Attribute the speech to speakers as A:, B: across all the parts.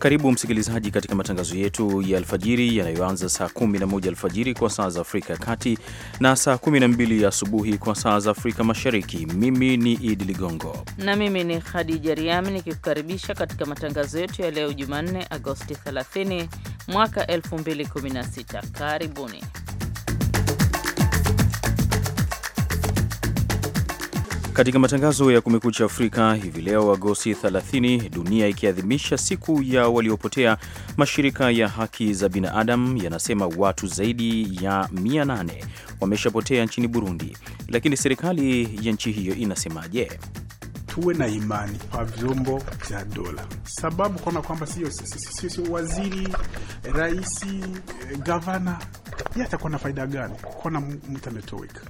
A: Karibu msikilizaji katika matangazo yetu ya alfajiri yanayoanza saa 11 alfajiri kwa saa za Afrika ya Kati na saa 12 asubuhi kwa saa za Afrika Mashariki. Mimi ni Idi Ligongo
B: na mimi ni Khadija Riami nikikukaribisha katika matangazo yetu ya leo Jumanne, Agosti 30 mwaka 2016. Karibuni.
A: Katika matangazo ya Kumekucha Afrika hivi leo Agosti 30, dunia ikiadhimisha siku ya waliopotea, mashirika ya haki za binadamu yanasema watu zaidi ya 800 wameshapotea nchini Burundi. Lakini serikali ya nchi hiyo inasemaje?
C: Tuwe na imani kwa vyombo vya dola, sababu kuona kwamba sio waziri, raisi, eh, gavana, yeye atakuwa na faida gani kuona mtu ametoweka?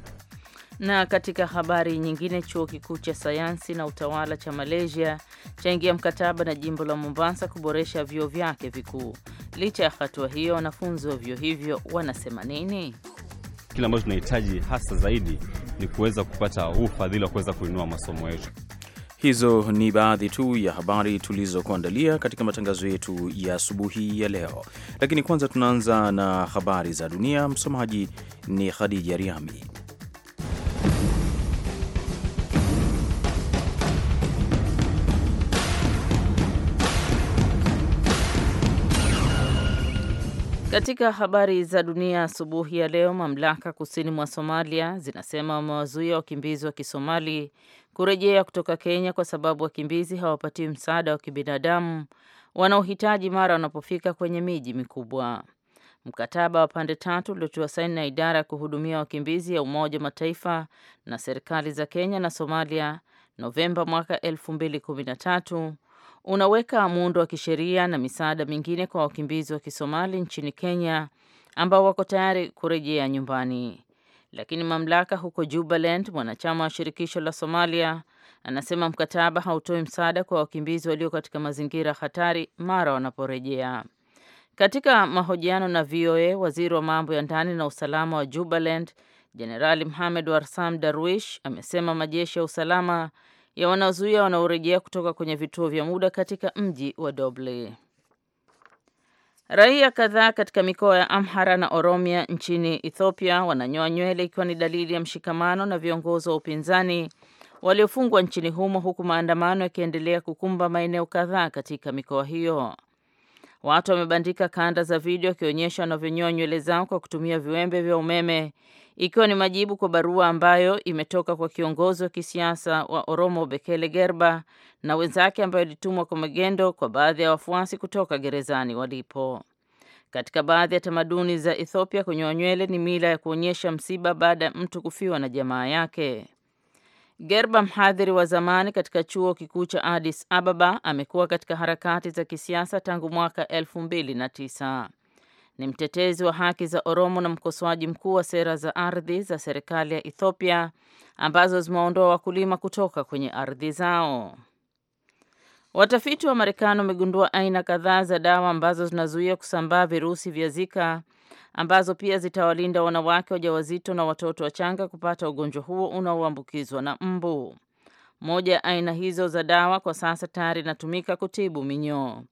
B: Na katika habari nyingine, chuo kikuu cha sayansi na utawala cha Malaysia chaingia mkataba na jimbo la Mombasa kuboresha vyuo vyake vikuu. Licha ya hatua hiyo, wanafunzi wa vyuo hivyo wanasema nini?
A: Kile ambacho tunahitaji hasa zaidi ni kuweza kupata ufadhili wa kuweza kuinua masomo yetu. Hizo ni baadhi tu ya habari tulizokuandalia katika matangazo yetu ya asubuhi ya leo, lakini kwanza tunaanza na habari za dunia. Msomaji ni Khadija Riami.
B: Katika habari za dunia asubuhi ya leo, mamlaka kusini mwa Somalia zinasema wamewazuia wakimbizi wa Kisomali kurejea kutoka Kenya kwa sababu wakimbizi hawapatiwi msaada wa kibinadamu wanaohitaji mara wanapofika kwenye miji mikubwa. Mkataba wa pande tatu uliotiwa saini na idara ya kuhudumia wakimbizi ya Umoja wa Mataifa na serikali za Kenya na Somalia Novemba mwaka 2013 unaweka muundo wa kisheria na misaada mingine kwa wakimbizi wa Kisomali nchini Kenya ambao wako tayari kurejea nyumbani. Lakini mamlaka huko Jubaland, mwanachama wa shirikisho la Somalia, anasema mkataba hautoi msaada kwa wakimbizi walio katika mazingira hatari mara wanaporejea. Katika mahojiano na VOA, waziri wa mambo ya ndani na usalama wa Jubaland, Jenerali Mohamed Warsam Darwish, amesema majeshi ya usalama ya wanaozuia wanaorejea kutoka kwenye vituo vya muda katika mji wa Doble. Raia kadhaa katika mikoa ya Amhara na Oromia nchini Ethiopia wananyoa nywele ikiwa ni dalili ya mshikamano na viongozi wa upinzani waliofungwa nchini humo, huku maandamano yakiendelea kukumba maeneo kadhaa katika mikoa hiyo. Watu wamebandika kanda za video wakionyesha wanavyonyoa nywele zao kwa kutumia viwembe vya umeme ikiwa ni majibu kwa barua ambayo imetoka kwa kiongozi wa kisiasa wa Oromo Bekele Gerba na wenzake ambayo ilitumwa kwa magendo kwa baadhi ya wafuasi kutoka gerezani walipo. Katika baadhi ya tamaduni za Ethiopia, kunyoa nywele ni mila ya kuonyesha msiba baada ya mtu kufiwa na jamaa yake. Gerba, mhadhiri wa zamani katika chuo kikuu cha Addis Ababa, amekuwa katika harakati za kisiasa tangu mwaka elfu mbili na tisa ni mtetezi wa haki za Oromo na mkosoaji mkuu wa sera za ardhi za serikali ya Ethiopia ambazo zimeondoa wakulima kutoka kwenye ardhi zao. Watafiti wa Marekani wamegundua aina kadhaa za dawa ambazo zinazuia kusambaa virusi vya Zika ambazo pia zitawalinda wanawake wajawazito na watoto wachanga kupata ugonjwa huo unaoambukizwa na mbu. Moja ya aina hizo za dawa kwa sasa tayari inatumika kutibu minyoo.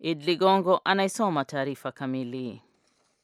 B: Id Ligongo anaisoma taarifa kamili.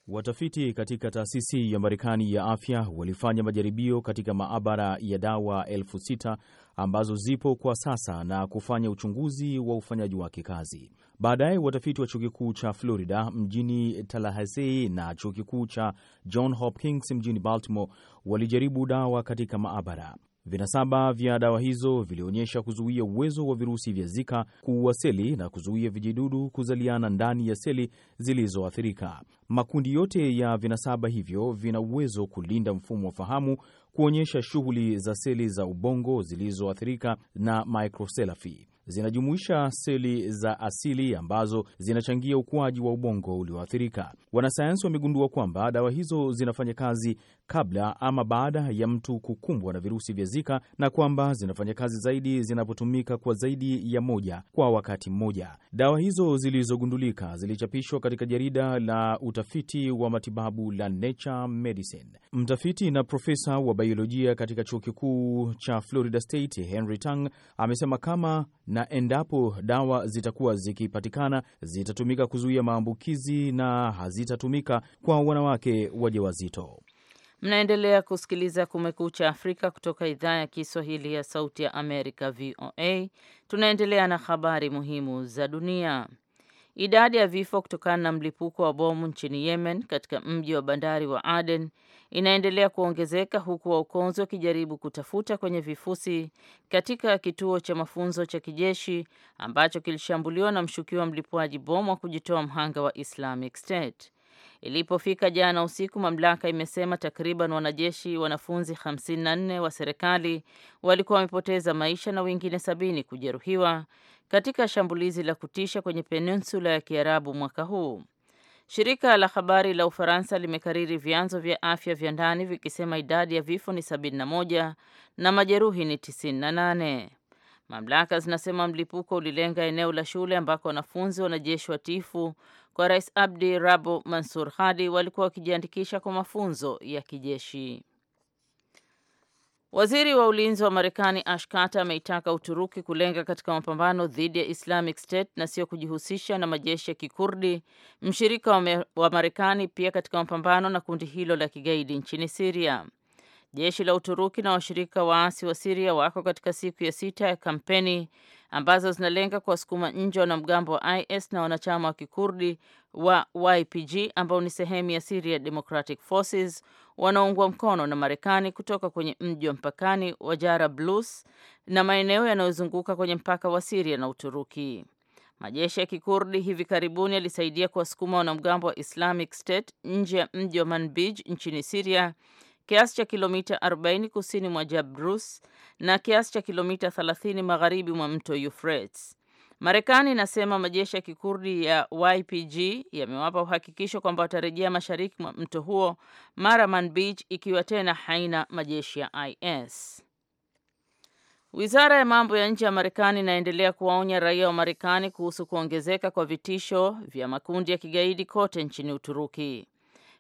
A: Watafiti katika taasisi ya Marekani ya afya walifanya majaribio katika maabara ya dawa elfu sita ambazo zipo kwa sasa na kufanya uchunguzi wa ufanyaji wake kazi. Baadaye watafiti wa chuo kikuu cha Florida mjini Tallahassee na chuo kikuu cha John Hopkins mjini Baltimore walijaribu dawa katika maabara. Vinasaba vya dawa hizo vilionyesha kuzuia uwezo wa virusi vya Zika kuua seli na kuzuia vijidudu kuzaliana ndani ya seli zilizoathirika. Makundi yote ya vinasaba hivyo vina uwezo kulinda mfumo wa fahamu, kuonyesha shughuli za seli za ubongo zilizoathirika na microcephaly zinajumuisha seli za asili ambazo zinachangia ukuaji wa ubongo ulioathirika. Wanasayansi wamegundua kwamba dawa hizo zinafanya kazi kabla ama baada ya mtu kukumbwa na virusi vya Zika na kwamba zinafanya kazi zaidi zinapotumika kwa zaidi ya moja kwa wakati mmoja. Dawa hizo zilizogundulika zilichapishwa katika jarida la utafiti wa matibabu la Nature Medicine. Mtafiti na profesa wa biolojia katika chuo kikuu cha Florida State Henry Tang amesema kama na endapo dawa zitakuwa zikipatikana zitatumika kuzuia maambukizi na hazitatumika kwa wanawake wajawazito.
B: Mnaendelea kusikiliza Kumekucha Afrika kutoka idhaa ya Kiswahili ya Sauti ya Amerika, VOA. Tunaendelea na habari muhimu za dunia. Idadi ya vifo kutokana na mlipuko wa bomu nchini Yemen katika mji wa bandari wa Aden inaendelea kuongezeka huku waokozi wakijaribu kutafuta kwenye vifusi katika kituo cha mafunzo cha kijeshi ambacho kilishambuliwa na mshukiwa mlipuaji bomu wa kujitoa mhanga wa Islamic State. Ilipofika jana usiku, mamlaka imesema takriban wanajeshi wanafunzi 54 wa serikali walikuwa wamepoteza maisha na wengine sabini kujeruhiwa katika shambulizi la kutisha kwenye peninsula ya Kiarabu mwaka huu. Shirika la habari la Ufaransa limekariri vyanzo vya afya vya ndani vikisema idadi ya vifo ni 71 na majeruhi ni 98. Mamlaka zinasema mlipuko ulilenga eneo la shule ambako wanafunzi wanajeshi watiifu kwa Rais Abdi Rabu Mansur Hadi walikuwa wakijiandikisha kwa mafunzo ya kijeshi. Waziri wa ulinzi wa Marekani Ash Carter ameitaka Uturuki kulenga katika mapambano dhidi ya Islamic State na sio kujihusisha na majeshi ya Kikurdi, mshirika wa Marekani pia katika mapambano na kundi hilo la kigaidi nchini Siria. Jeshi la Uturuki na washirika waasi wa Siria wako katika siku ya sita ya kampeni ambazo zinalenga kuwasukuma nje wanamgambo wa IS na wanachama wa kikurdi wa YPG ambao ni sehemu ya Syria Democratic Forces wanaoungwa mkono na Marekani kutoka kwenye mji wa mpakani wa Jara Blues na maeneo yanayozunguka kwenye mpaka wa Syria na Uturuki. Majeshi ya kikurdi hivi karibuni yalisaidia kuwasukuma wanamgambo wa Islamic State nje ya mji wa Manbij nchini Syria kiasi cha kilomita 40 kusini mwa Jabrus na kiasi cha kilomita 30 magharibi mwa mto Euphrates. Marekani inasema majeshi ya Kikurdi ya YPG yamewapa uhakikisho kwamba watarejea mashariki mwa mto huo Maraman Beach ikiwa tena haina majeshi ya IS. Wizara ya mambo ya nje ya Marekani inaendelea kuwaonya raia wa Marekani kuhusu kuongezeka kwa vitisho vya makundi ya kigaidi kote nchini Uturuki.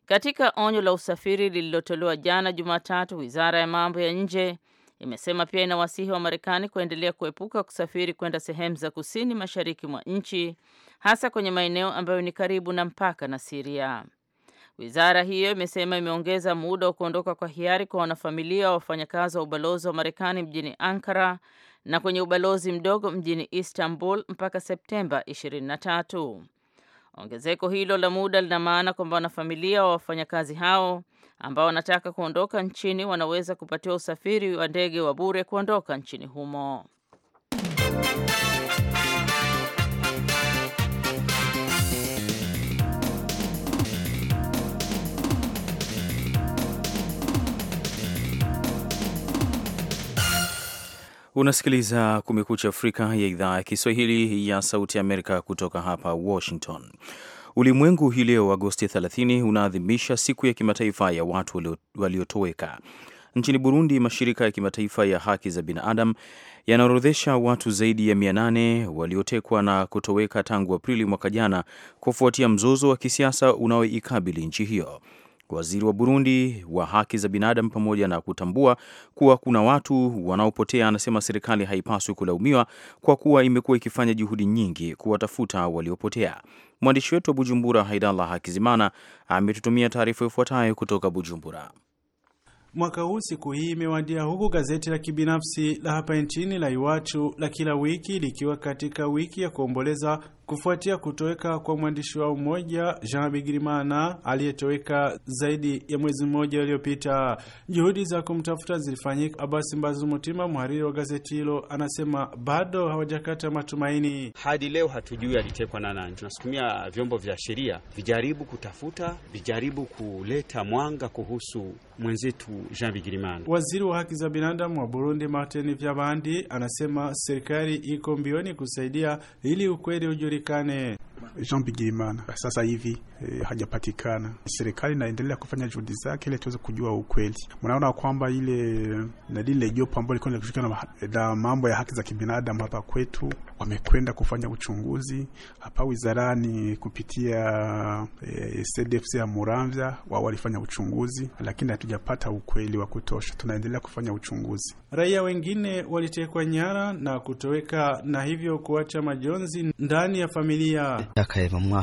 B: Katika onyo la usafiri lililotolewa jana Jumatatu, wizara ya mambo ya nje imesema pia inawasihi wa Marekani kuendelea kuepuka kusafiri kwenda sehemu za kusini mashariki mwa nchi, hasa kwenye maeneo ambayo ni karibu na mpaka na Siria. Wizara hiyo imesema imeongeza muda wa kuondoka kwa hiari kwa wanafamilia wa wafanyakazi wa ubalozi wa Marekani mjini Ankara na kwenye ubalozi mdogo mjini Istanbul mpaka Septemba 23. Ongezeko hilo la muda lina maana kwamba wanafamilia wa wafanyakazi hao ambao wanataka kuondoka nchini wanaweza kupatiwa usafiri wa ndege wa bure kuondoka nchini humo.
A: Unasikiliza Kumekucha Afrika ya idhaa ya Kiswahili ya Sauti Amerika kutoka hapa Washington. Ulimwengu hii leo Agosti 30 unaadhimisha siku ya kimataifa ya watu waliotoweka. Nchini Burundi, mashirika ya kimataifa ya haki za binadamu yanaorodhesha watu zaidi ya 800 waliotekwa na kutoweka tangu Aprili mwaka jana kufuatia mzozo wa kisiasa unaoikabili nchi hiyo waziri wa Burundi wa haki za binadamu pamoja na kutambua kuwa kuna watu wanaopotea, anasema serikali haipaswi kulaumiwa kwa kuwa imekuwa ikifanya juhudi nyingi kuwatafuta waliopotea. Mwandishi wetu wa Bujumbura, Haidallah Hakizimana, ametutumia taarifa ifuatayo kutoka Bujumbura.
D: Mwaka huu siku hii imewadia huku gazeti la kibinafsi la hapa nchini la Iwachu la kila wiki likiwa katika wiki ya kuomboleza kufuatia kutoweka kwa mwandishi wao mmoja Jean Bigirimana aliyetoweka zaidi ya mwezi mmoja uliopita. Juhudi za kumtafuta zilifanyika. Abasi Mutima, mhariri wa gazeti hilo, anasema
E: bado hawajakata matumaini. Hadi leo hatujui alitekwa na nani. Tunasukumia vyombo vya sheria vijaribu kutafuta, vijaribu kuleta mwanga kuhusu mwenzetu Jean Bigirimana.
D: Waziri wa haki za binadamu wa Burundi Martin Vyabandi anasema serikali iko mbioni kusaidia ili ukweli ujulikane. ठिकाणी Jean Bigirimana
C: sasa hivi e, hajapatikana. Serikali inaendelea kufanya juhudi zake ili tuweze kujua ukweli. Mnaona kwamba ile na lile jopo ambalo lilikuwa linashughulika na mambo ya haki za kibinadamu hapa kwetu wamekwenda kufanya uchunguzi hapa wizarani kupitia e, eh, CDFC ya Muramvya, wao walifanya uchunguzi, lakini hatujapata ukweli wa kutosha. Tunaendelea kufanya uchunguzi.
D: Raia wengine walitekwa nyara na kutoweka na hivyo kuacha majonzi ndani ya familia.
F: yakaye mu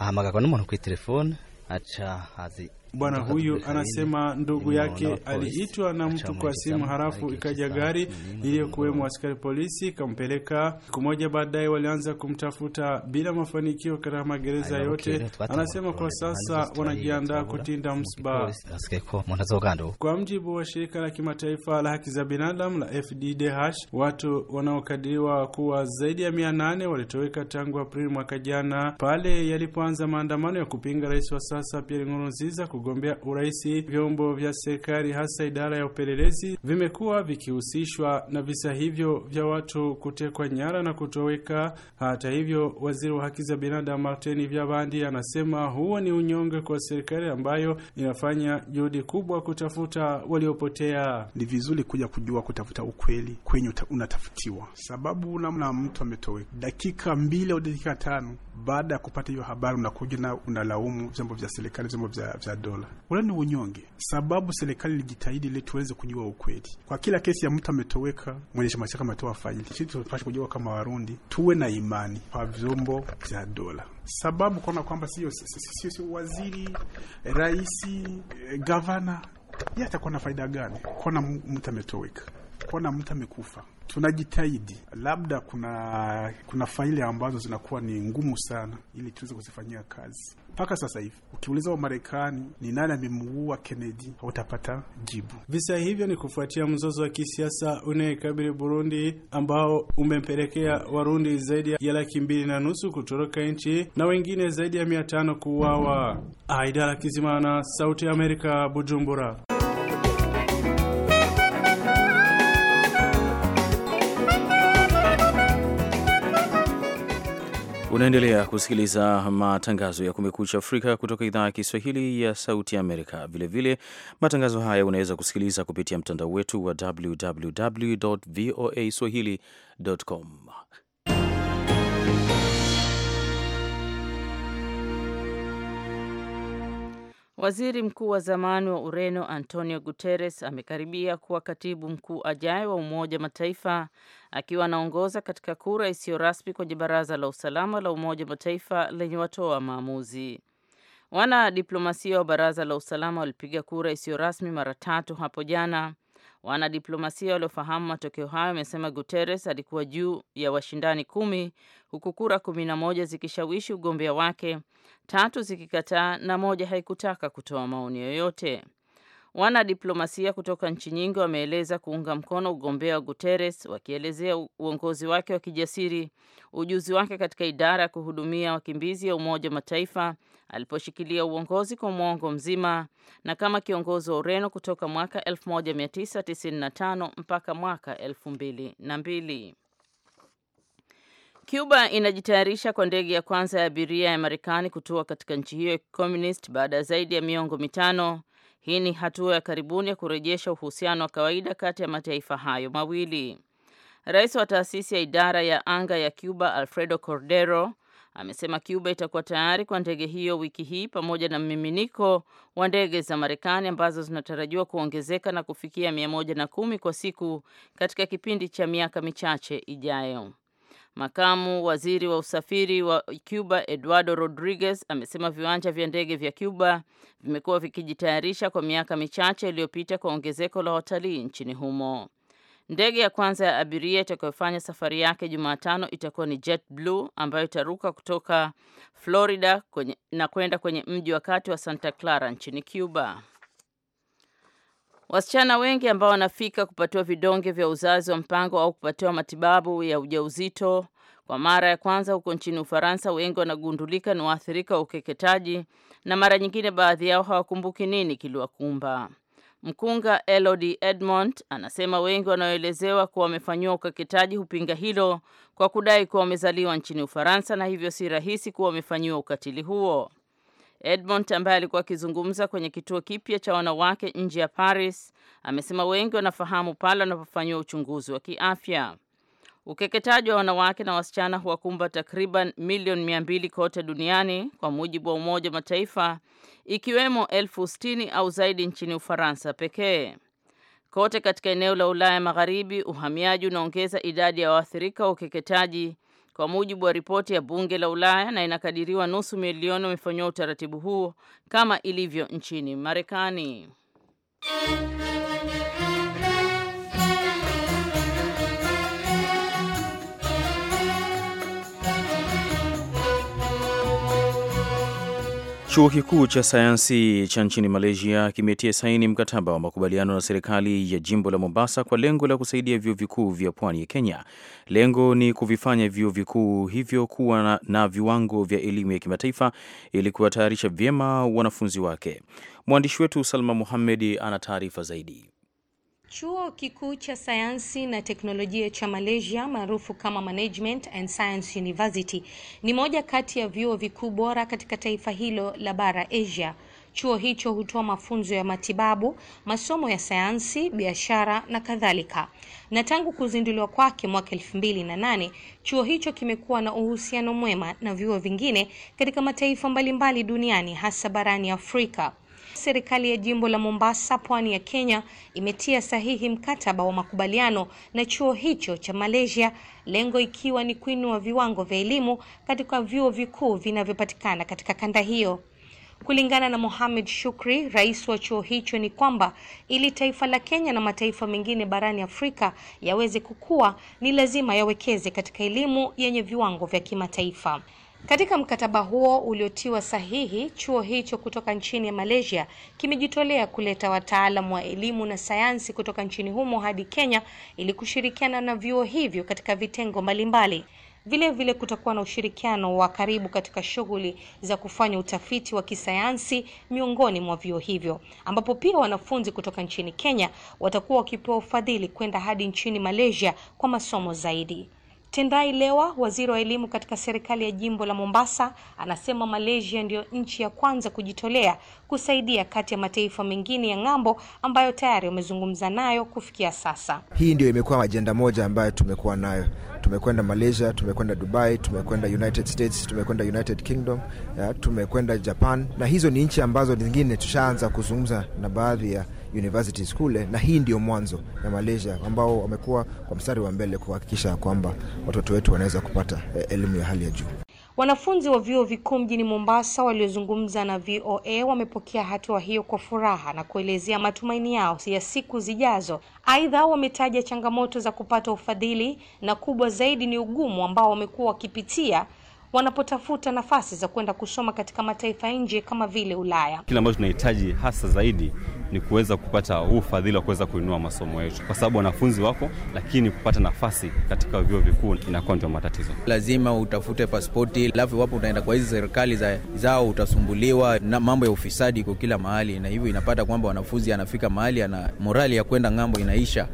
F: ahamagarwa n'umuntu ku telefone aca hazi
D: Bwana huyu anasema ndugu yake aliitwa na mtu kwa simu, harafu ikaja gari iliyokuwemo askari polisi ikampeleka. Siku moja baadaye walianza kumtafuta bila mafanikio katika magereza yote. Anasema kwa sasa wanajiandaa kutinda msiba. Kwa mjibu wa shirika la kimataifa la haki za binadamu la FDDH, watu wanaokadiriwa kuwa zaidi ya mia nane walitoweka tangu Aprili mwaka jana pale yalipoanza maandamano ya kupinga rais wa sasa Pierre Nkurunziza kugombea uraisi, vyombo vya serikali hasa idara ya upelelezi vimekuwa vikihusishwa na visa hivyo vya watu kutekwa nyara na kutoweka. Hata hivyo, waziri wa haki za binadamu Martin Vyabandi anasema huo ni unyonge kwa serikali ambayo inafanya juhudi kubwa kutafuta waliopotea. Ni vizuri kuja kujua kutafuta ukweli kwenye unatafutiwa,
C: sababu namna mtu ametoweka dakika mbili au dakika tano baada ya kupata hiyo habari, unakuja na unalaumu vyombo vya serikali, vyombo vya, vya dola. Ule ni unyonge, sababu serikali ilijitahidi ili tuweze kujua ukweli. Kwa kila kesi ya mtu ametoweka, mwendesha mashtaka ametoa faili, sisi tunapaswa kujua kama Warundi tuwe na imani kwa vyombo vya dola, sababu kuona kwamba sio waziri, raisi, eh, gavana yeye atakuwa na faida gani kuona mtu ametoweka, kuona mtu amekufa? Tunajitahidi, labda kuna kuna faili ambazo zinakuwa ni ngumu sana, ili tuweze kuzifanyia kazi mpaka sasa hivi ukiuliza Wamarekani ni nani amemuua Kennedy hautapata
D: jibu. Visa hivyo ni kufuatia mzozo wa kisiasa unayekabili Burundi ambao umempelekea Warundi zaidi ya laki mbili na nusu kutoroka nchi na wengine zaidi ya mia tano kuuawa. Aida Kizimana, Sauti ya Amerika, Bujumbura.
A: Unaendelea kusikiliza matangazo ya Kumekucha Afrika kutoka idhaa ya Kiswahili ya Sauti Amerika. Vilevile matangazo haya unaweza kusikiliza kupitia mtandao wetu wa www voa swahili.com.
B: Waziri mkuu wa zamani wa Ureno Antonio Guterres amekaribia kuwa katibu mkuu ajaye wa Umoja wa Mataifa akiwa anaongoza katika kura isiyo rasmi kwenye Baraza la Usalama la Umoja wa Mataifa lenye watoa maamuzi. Wanadiplomasia wa Baraza la Usalama walipiga kura isiyo rasmi mara tatu hapo jana. Wanadiplomasia waliofahamu matokeo hayo wamesema Guterres alikuwa juu ya washindani kumi huku kura kumi na moja zikishawishi ugombea wake tatu zikikataa na moja haikutaka kutoa maoni yoyote. Wanadiplomasia kutoka nchi nyingi wameeleza kuunga mkono ugombea wa Guterres, wakielezea uongozi wake wa kijasiri, ujuzi wake katika idara ya kuhudumia wakimbizi ya Umoja wa Mataifa aliposhikilia uongozi kwa mwongo mzima, na kama kiongozi wa Ureno kutoka mwaka 1995 mpaka mwaka 2002. Cuba inajitayarisha kwa ndege ya kwanza ya abiria ya Marekani kutua katika nchi hiyo ya kicomunist baada ya zaidi ya miongo mitano. Hii ni hatua ya karibuni ya kurejesha uhusiano wa kawaida kati ya mataifa hayo mawili. Rais wa taasisi ya idara ya anga ya Cuba, Alfredo Cordero, amesema Cuba itakuwa tayari kwa ndege hiyo wiki hii pamoja na mmiminiko wa ndege za Marekani ambazo zinatarajiwa kuongezeka na kufikia 110 kwa siku katika kipindi cha miaka michache ijayo. Makamu waziri wa usafiri wa Cuba Eduardo Rodriguez amesema viwanja vya ndege vya Cuba vimekuwa vikijitayarisha kwa miaka michache iliyopita kwa ongezeko la watalii nchini humo. Ndege ya kwanza ya abiria itakayofanya safari yake Jumatano itakuwa ni JetBlue ambayo itaruka kutoka Florida kwenye, na kwenda kwenye mji wa kati wa Santa Clara nchini Cuba. Wasichana wengi ambao wanafika kupatiwa vidonge vya uzazi wa mpango au kupatiwa matibabu ya ujauzito kwa mara ya kwanza huko nchini Ufaransa, wengi wanagundulika ni waathirika wa ukeketaji na mara nyingine baadhi yao hawakumbuki nini kiliwakumba. Mkunga Elodie Edmond anasema wengi wanaoelezewa kuwa wamefanyiwa ukeketaji hupinga hilo kwa kudai kuwa wamezaliwa nchini Ufaransa na hivyo si rahisi kuwa wamefanyiwa ukatili huo. Edmond ambaye alikuwa akizungumza kwenye kituo kipya cha wanawake nje ya Paris amesema wengi wanafahamu pale wanapofanyiwa uchunguzi wa kiafya. Ukeketaji wa wanawake na wasichana huwakumba takriban milioni mia mbili kote duniani kwa mujibu wa Umoja wa Mataifa, ikiwemo elfu sitini au zaidi nchini Ufaransa pekee. Kote katika eneo la Ulaya Magharibi, uhamiaji unaongeza idadi ya waathirika wa ukeketaji kwa mujibu wa ripoti ya bunge la Ulaya, na inakadiriwa nusu milioni wamefanyiwa utaratibu huo kama ilivyo nchini Marekani.
A: Chuo kikuu cha sayansi cha nchini Malaysia kimetia saini mkataba wa makubaliano na serikali ya jimbo la Mombasa kwa lengo la kusaidia vyuo vikuu vya pwani ya Kenya. Lengo ni kuvifanya vyuo vikuu hivyo kuwa na, na viwango vya elimu ya kimataifa ili kuwatayarisha vyema wanafunzi wake. Mwandishi wetu Salma Muhamedi ana taarifa zaidi.
G: Chuo Kikuu cha Sayansi na Teknolojia cha Malaysia maarufu kama Management and Science University ni moja kati ya vyuo vikuu bora katika taifa hilo la bara Asia. Chuo hicho hutoa mafunzo ya matibabu, masomo ya sayansi, biashara na kadhalika. Na tangu kuzinduliwa kwake mwaka elfu mbili na nane, chuo hicho kimekuwa na uhusiano mwema na vyuo vingine katika mataifa mbalimbali duniani hasa barani Afrika. Serikali ya jimbo la Mombasa, pwani ya Kenya, imetia sahihi mkataba wa makubaliano na chuo hicho cha Malaysia, lengo ikiwa ni kuinua viwango vya elimu katika vyuo vikuu vinavyopatikana katika kanda hiyo. Kulingana na Mohamed Shukri, rais wa chuo hicho, ni kwamba ili taifa la Kenya na mataifa mengine barani Afrika yaweze kukua, ni lazima yawekeze katika elimu yenye viwango vya kimataifa. Katika mkataba huo uliotiwa sahihi, chuo hicho kutoka nchini Malaysia kimejitolea kuleta wataalamu wa elimu na sayansi kutoka nchini humo hadi Kenya ili kushirikiana na vyuo hivyo katika vitengo mbalimbali. Vile vile kutakuwa na ushirikiano wa karibu katika shughuli za kufanya utafiti wa kisayansi miongoni mwa vyuo hivyo, ambapo pia wanafunzi kutoka nchini Kenya watakuwa wakipewa ufadhili kwenda hadi nchini Malaysia kwa masomo zaidi. Tendai Lewa, waziri wa elimu katika serikali ya jimbo la Mombasa, anasema Malaysia ndiyo nchi ya kwanza kujitolea kusaidia kati ya mataifa mengine ya ng'ambo ambayo tayari wamezungumza nayo kufikia sasa.
A: Hii ndio imekuwa ajenda moja ambayo tumekuwa nayo. Tumekwenda Malaysia, tumekwenda Dubai, tumekwenda United States, tumekwenda United Kingdom, tumekwenda Japan, na hizo ni nchi ambazo zingine tushaanza kuzungumza na baadhi ya universities eh, kule, na hii ndio mwanzo ya Malaysia ambao wamekuwa kwa mstari wa mbele kuhakikisha kwamba watoto wetu wanaweza kupata eh, elimu ya hali ya juu.
G: Wanafunzi wa vyuo vikuu mjini Mombasa waliozungumza na VOA wamepokea hatua hiyo kwa furaha na kuelezea matumaini yao ya siku zijazo. Aidha, wametaja changamoto za kupata ufadhili na kubwa zaidi ni ugumu ambao wamekuwa wakipitia wanapotafuta nafasi za kwenda kusoma katika mataifa nje kama vile Ulaya.
A: Kile ambacho tunahitaji hasa zaidi ni kuweza kupata huu ufadhili wa kuweza kuinua masomo yetu, kwa sababu wanafunzi wako, lakini kupata nafasi katika vyuo
E: vikuu inakuwa ndio matatizo.
A: Lazima utafute pasipoti, alafu iwapo utaenda kwa hizi serikali za, zao utasumbuliwa na mambo ya ufisadi kwa kila mahali, na hivyo inapata kwamba wanafunzi anafika mahali ana morali ya kwenda ng'ambo inaisha.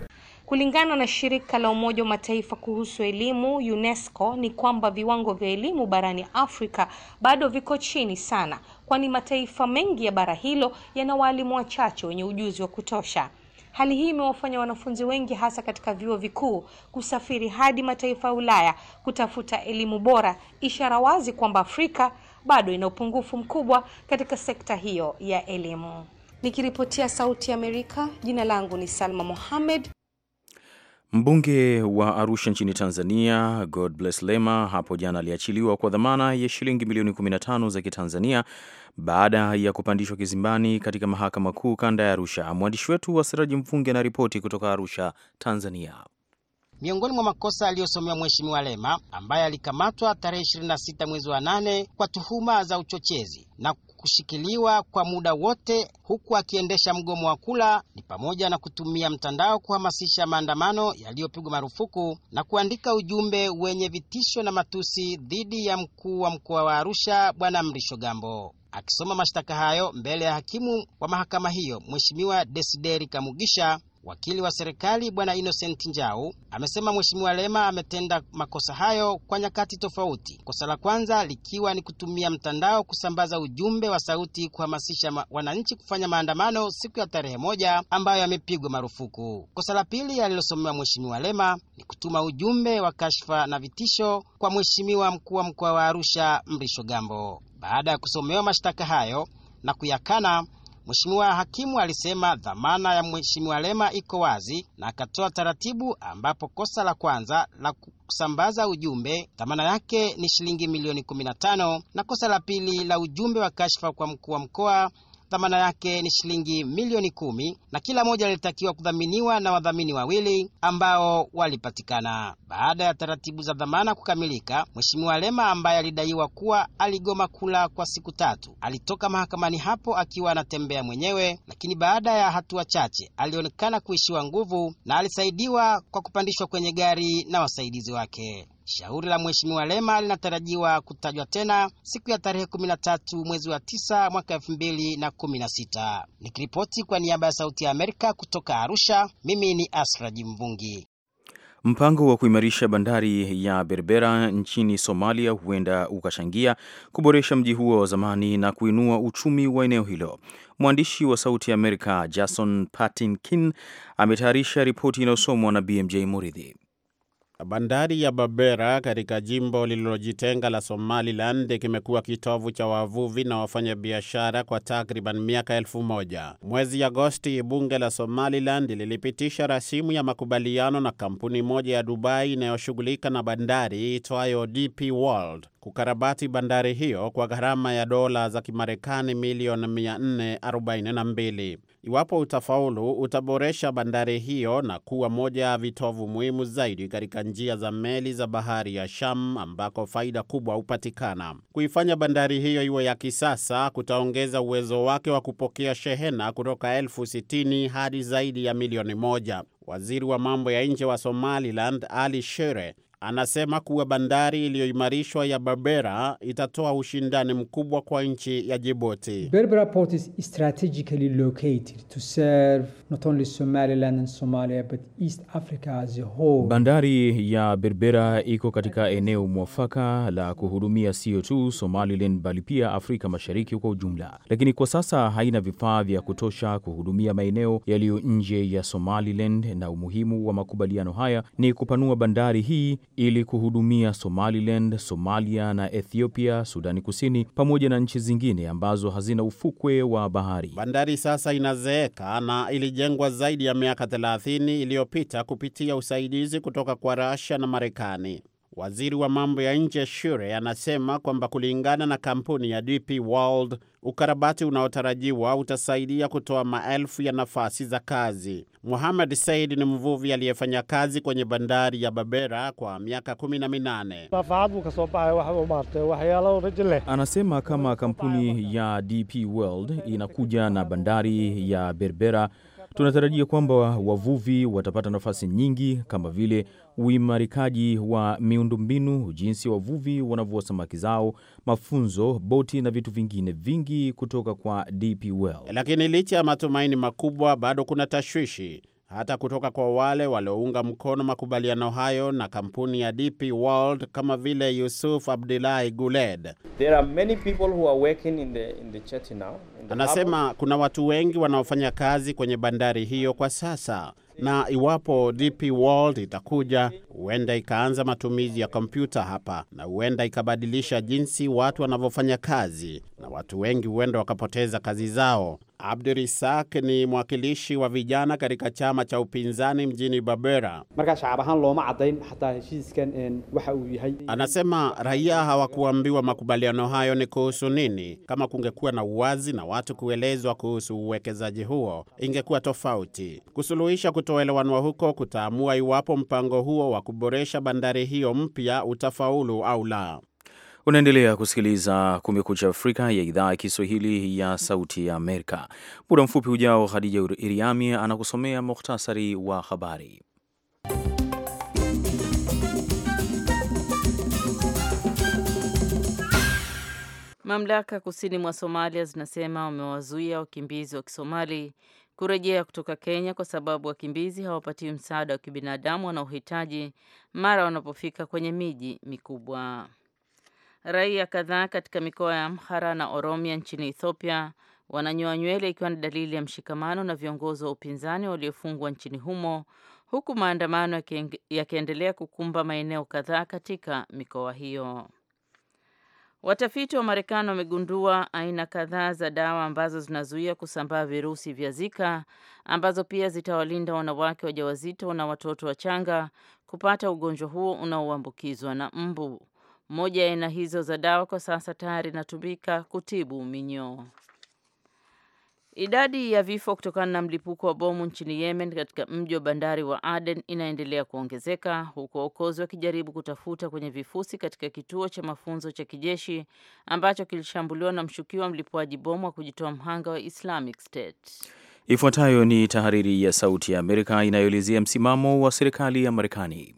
G: Kulingana na shirika la Umoja wa Mataifa kuhusu elimu UNESCO, ni kwamba viwango vya elimu barani Afrika bado viko chini sana, kwani mataifa mengi ya bara hilo yana walimu wachache wenye ujuzi wa kutosha. Hali hii imewafanya wanafunzi wengi hasa katika vyuo vikuu kusafiri hadi mataifa ya Ulaya kutafuta elimu bora, ishara wazi kwamba Afrika bado ina upungufu mkubwa katika sekta hiyo ya elimu. Nikiripotia Sauti ya Amerika, jina langu ni Salma Mohamed.
A: Mbunge wa Arusha nchini Tanzania Bless Lema hapo jana aliachiliwa kwa dhamana ya shilingi milioni 15 za Kitanzania baada ya kupandishwa kizimbani katika mahakama kuu kanda ya Arusha. Mwandishi wetu wa Mfunge Mfungi anaripoti kutoka Arusha, Tanzania.
F: Miongoni mwa makosa aliyosomewa Mheshimiwa Lema ambaye alikamatwa tarehe 26 mwezi wa 8 kwa tuhuma za uchochezi na kushikiliwa kwa muda wote huku akiendesha mgomo wa kula ni pamoja na kutumia mtandao kuhamasisha maandamano yaliyopigwa marufuku na kuandika ujumbe wenye vitisho na matusi dhidi ya mkuu wa mkoa wa Arusha Bwana Mrisho Gambo. Akisoma mashtaka hayo mbele ya hakimu wa mahakama hiyo Mheshimiwa Desideri Kamugisha Wakili wa serikali Bwana Innocent Njau amesema Mheshimiwa Lema ametenda makosa hayo kwa nyakati tofauti, kosa la kwanza likiwa ni kutumia mtandao kusambaza ujumbe wa sauti kuhamasisha wananchi kufanya maandamano siku ya tarehe moja ambayo yamepigwa marufuku. Kosa la pili alilosomewa Mheshimiwa Lema ni kutuma ujumbe wa kashfa na vitisho kwa Mheshimiwa mkuu wa mkoa wa Arusha Mrisho Gambo. Baada ya kusomewa mashtaka hayo na kuyakana, Mheshimiwa hakimu alisema dhamana ya Mheshimiwa Lema iko wazi na akatoa taratibu ambapo kosa la kwanza la kusambaza ujumbe dhamana yake ni shilingi milioni 15 na kosa la pili la ujumbe wa kashfa kwa mkuu wa mkoa thamana yake ni shilingi milioni kumi na kila moja lilitakiwa kudhaminiwa na wadhamini wawili ambao walipatikana. Baada ya taratibu za dhamana kukamilika, Mheshimiwa Lema ambaye alidaiwa kuwa aligoma kula kwa siku tatu alitoka mahakamani hapo akiwa anatembea mwenyewe, lakini baada ya hatua chache alionekana kuishiwa nguvu na alisaidiwa kwa kupandishwa kwenye gari na wasaidizi wake. Shauri la Mheshimiwa Lema linatarajiwa kutajwa tena siku ya tarehe 13 mwezi wa 9 mwaka 2016. Nikiripoti kwa niaba ya Sauti ya Amerika kutoka Arusha, mimi ni Asraji Mvungi.
A: Mpango wa kuimarisha bandari ya Berbera nchini Somalia huenda ukachangia kuboresha mji huo wa zamani na kuinua uchumi wa eneo hilo. Mwandishi wa Sauti ya Amerika Jason Patinkin ametayarisha ripoti inayosomwa na BMJ Muridhi.
E: Bandari ya Babera katika jimbo lililojitenga la Somaliland kimekuwa kitovu cha wavuvi na wafanyabiashara kwa takriban miaka elfu moja. Mwezi Agosti, bunge la Somaliland lilipitisha rasimu ya makubaliano na kampuni moja ya Dubai inayoshughulika na bandari itwayo DP World kukarabati bandari hiyo kwa gharama ya dola za Kimarekani milioni 442. Iwapo utafaulu, utaboresha bandari hiyo na kuwa moja ya vitovu muhimu zaidi katika njia za meli za bahari ya Sham ambako faida kubwa hupatikana. Kuifanya bandari hiyo iwe ya kisasa kutaongeza uwezo wake wa kupokea shehena kutoka elfu sitini hadi zaidi ya milioni moja. Waziri wa mambo ya nje wa Somaliland Ali Shere Anasema kuwa bandari iliyoimarishwa ya Berbera itatoa ushindani mkubwa kwa nchi ya Djibouti.
F: Berbera port is strategically located to serve not only Somaliland and Somalia but East Africa as a whole.
A: Bandari ya Berbera iko katika eneo mwafaka la kuhudumia sio tu Somaliland bali pia Afrika Mashariki kwa ujumla. Lakini kwa sasa haina vifaa vya kutosha kuhudumia maeneo yaliyo nje ya Somaliland na umuhimu wa makubaliano haya ni kupanua bandari hii ili kuhudumia Somaliland, Somalia na Ethiopia, Sudani Kusini pamoja na nchi zingine ambazo hazina ufukwe wa bahari.
E: Bandari sasa inazeeka na ilijengwa zaidi ya miaka 30 iliyopita kupitia usaidizi kutoka kwa Russia na Marekani. Waziri wa mambo ya nje Shure anasema kwamba kulingana na kampuni ya DP World, ukarabati unaotarajiwa utasaidia kutoa maelfu ya nafasi za kazi. Muhamed Said ni mvuvi aliyefanya kazi kwenye bandari ya Babera kwa miaka kumi na minane.
A: Anasema kama kampuni ya DP World inakuja na bandari ya Berbera tunatarajia kwamba wavuvi watapata nafasi nyingi kama vile uimarikaji wa miundombinu, jinsi wavuvi wanavua samaki zao, mafunzo, boti na vitu vingine vingi kutoka kwa DP World.
E: Lakini licha ya matumaini makubwa, bado kuna tashwishi hata kutoka kwa wale waliounga mkono makubaliano hayo na kampuni ya DP World kama vile Yusuf abdulahi Guled. Anasema Kuna watu wengi wanaofanya kazi kwenye bandari hiyo kwa sasa na iwapo DP World itakuja, huenda ikaanza matumizi ya kompyuta hapa, na huenda ikabadilisha jinsi watu wanavyofanya kazi, na watu wengi huenda wakapoteza kazi zao. Abdurisak ni mwakilishi wa vijana katika chama cha upinzani mjini Babera. Anasema raia hawakuambiwa makubaliano hayo ni kuhusu nini. Kama kungekuwa na uwazi na watu kuelezwa kuhusu uwekezaji huo, ingekuwa tofauti. Kusuluhisha kutoelewanwa huko kutaamua iwapo mpango huo wa kuboresha bandari hiyo mpya utafaulu au la.
A: Unaendelea kusikiliza Kumekucha Afrika ya idhaa ya Kiswahili ya Sauti ya Amerika. Muda mfupi ujao, Khadija Iriami anakusomea muhtasari wa habari.
B: Mamlaka kusini mwa Somalia zinasema wamewazuia wakimbizi wa Kisomali kurejea kutoka Kenya kwa sababu wakimbizi hawapatiwi msaada wa kibinadamu wanaohitaji mara wanapofika kwenye miji mikubwa. Raia kadhaa katika mikoa ya Amhara na Oromia nchini Ethiopia wananyoa nywele ikiwa ni dalili ya mshikamano na viongozi wa upinzani waliofungwa nchini humo, huku maandamano yakiendelea kukumba maeneo kadhaa katika mikoa hiyo. Watafiti wa Marekani wamegundua aina kadhaa za dawa ambazo zinazuia kusambaa virusi vya Zika ambazo pia zitawalinda wanawake wajawazito na watoto wachanga kupata ugonjwa huo unaoambukizwa na mbu. Moja ya aina hizo za dawa kwa sasa tayari inatumika kutibu minyoo. Idadi ya vifo kutokana na mlipuko wa bomu nchini Yemen katika mji wa bandari wa Aden inaendelea kuongezeka huku waokozi wakijaribu kutafuta kwenye vifusi katika kituo cha mafunzo cha kijeshi ambacho kilishambuliwa na mshukiwa mlipuaji bomu wa kujitoa mhanga wa Islamic State.
A: Ifuatayo ni tahariri ya Sauti ya Amerika inayoelezea msimamo wa serikali ya Marekani.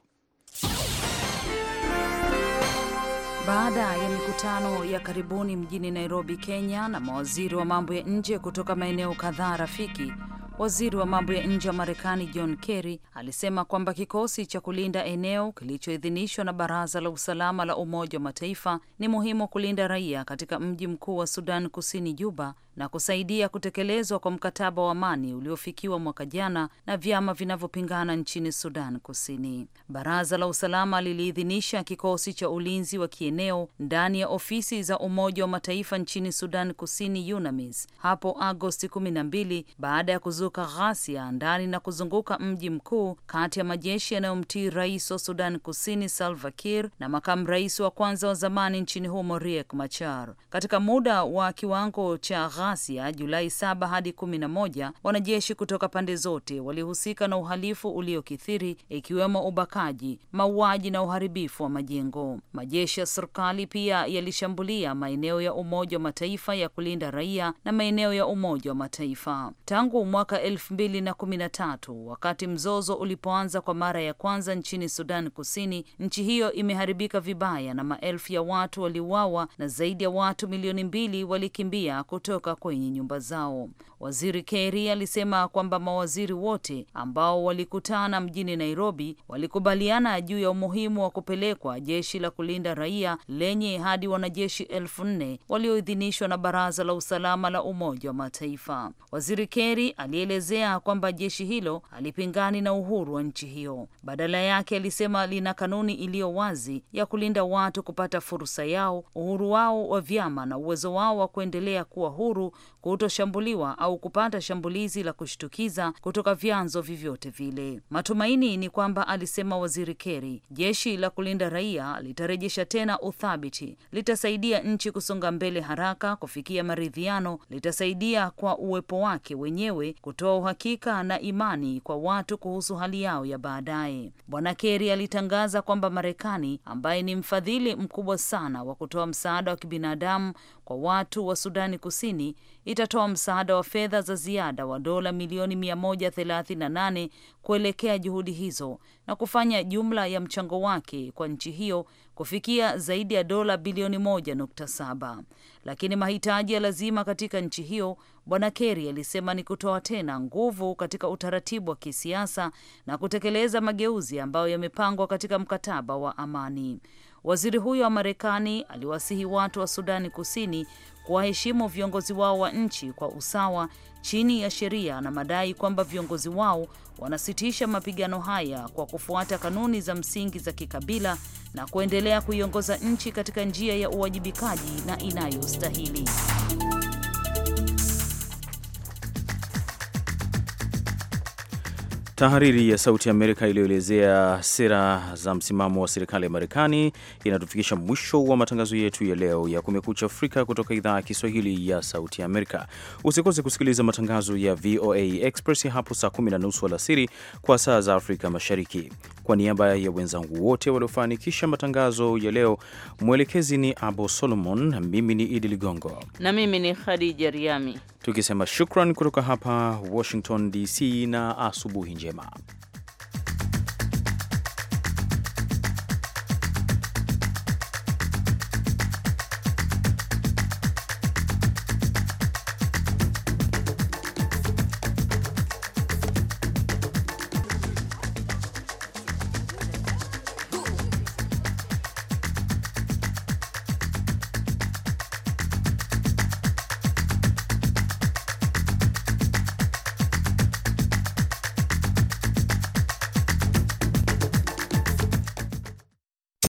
H: Baada ya mikutano ya karibuni mjini Nairobi, Kenya, na mawaziri wa mambo ya nje kutoka maeneo kadhaa rafiki, waziri wa mambo ya nje wa Marekani John Kerry alisema kwamba kikosi cha kulinda eneo kilichoidhinishwa na Baraza la Usalama la Umoja wa Mataifa ni muhimu kulinda raia katika mji mkuu wa Sudan Kusini, Juba, na kusaidia kutekelezwa kwa mkataba wa amani uliofikiwa mwaka jana na vyama vinavyopingana nchini Sudan Kusini. Baraza la usalama liliidhinisha kikosi cha ulinzi wa kieneo ndani ya ofisi za Umoja wa Mataifa nchini Sudan Kusini, UNAMIS, hapo Agosti 12 baada ya kuzuka ghasia ndani na kuzunguka mji mkuu kati ya majeshi yanayomtii rais wa Sudan Kusini Salva Kiir na makamu rais wa kwanza wa zamani nchini humo Riek Machar katika muda wa kiwango cha Asia Julai 7 hadi 11, wanajeshi kutoka pande zote walihusika na uhalifu uliokithiri ikiwemo ubakaji, mauaji na uharibifu wa majengo. Majeshi ya serikali pia yalishambulia maeneo ya Umoja wa Mataifa ya kulinda raia na maeneo ya Umoja wa Mataifa tangu mwaka 2013 wakati mzozo ulipoanza kwa mara ya kwanza nchini Sudan Kusini. Nchi hiyo imeharibika vibaya na maelfu ya watu waliuawa na zaidi ya watu milioni mbili walikimbia kutoka kwenye nyumba zao. Waziri Kerry alisema kwamba mawaziri wote ambao walikutana mjini Nairobi walikubaliana juu ya umuhimu wa kupelekwa jeshi la kulinda raia lenye hadi wanajeshi elfu nne walioidhinishwa na Baraza la Usalama la Umoja wa Mataifa. Waziri Kerry alielezea kwamba jeshi hilo halipingani na uhuru wa nchi hiyo. Badala yake, alisema lina kanuni iliyo wazi ya kulinda watu kupata fursa yao, uhuru wao wa vyama na uwezo wao wa kuendelea kuwa huru kutoshambuliwa au kupata shambulizi la kushtukiza kutoka vyanzo vyovyote vile. Matumaini ni kwamba, alisema Waziri keri jeshi la kulinda raia litarejesha tena uthabiti, litasaidia nchi kusonga mbele haraka kufikia maridhiano, litasaidia kwa uwepo wake wenyewe kutoa uhakika na imani kwa watu kuhusu hali yao ya baadaye. Bwana keri alitangaza kwamba Marekani ambaye ni mfadhili mkubwa sana wa kutoa msaada wa kibinadamu kwa watu wa Sudani Kusini itatoa msaada wa fedha za ziada wa dola milioni 138 kuelekea juhudi hizo na kufanya jumla ya mchango wake kwa nchi hiyo kufikia zaidi ya dola bilioni 1.7, lakini mahitaji ya lazima katika nchi hiyo, Bwana Kerry alisema ni kutoa tena nguvu katika utaratibu wa kisiasa na kutekeleza mageuzi ambayo yamepangwa katika mkataba wa amani. Waziri huyo wa Marekani aliwasihi watu wa Sudani Kusini kuwaheshimu viongozi wao wa nchi kwa usawa chini ya sheria na madai kwamba viongozi wao wanasitisha mapigano haya kwa kufuata kanuni za msingi za kikabila na kuendelea kuiongoza nchi katika njia ya uwajibikaji na inayostahili.
A: Tahariri ya Sauti ya Amerika iliyoelezea sera za msimamo wa serikali ya Marekani inatufikisha mwisho wa matangazo yetu ya leo ya Kumekucha Afrika kutoka idhaa ya Kiswahili ya Sauti Amerika. Usikose kusikiliza matangazo ya VOA Express hapo saa kumi na nusu alasiri kwa saa za Afrika Mashariki. Kwa niaba ya wenzangu wote waliofanikisha matangazo ya leo, mwelekezi ni Abo Solomon, mimi ni Idi Ligongo
B: na mimi ni Khadija Riami,
A: tukisema shukran kutoka hapa Washington DC na asubuhi njema. 嘛。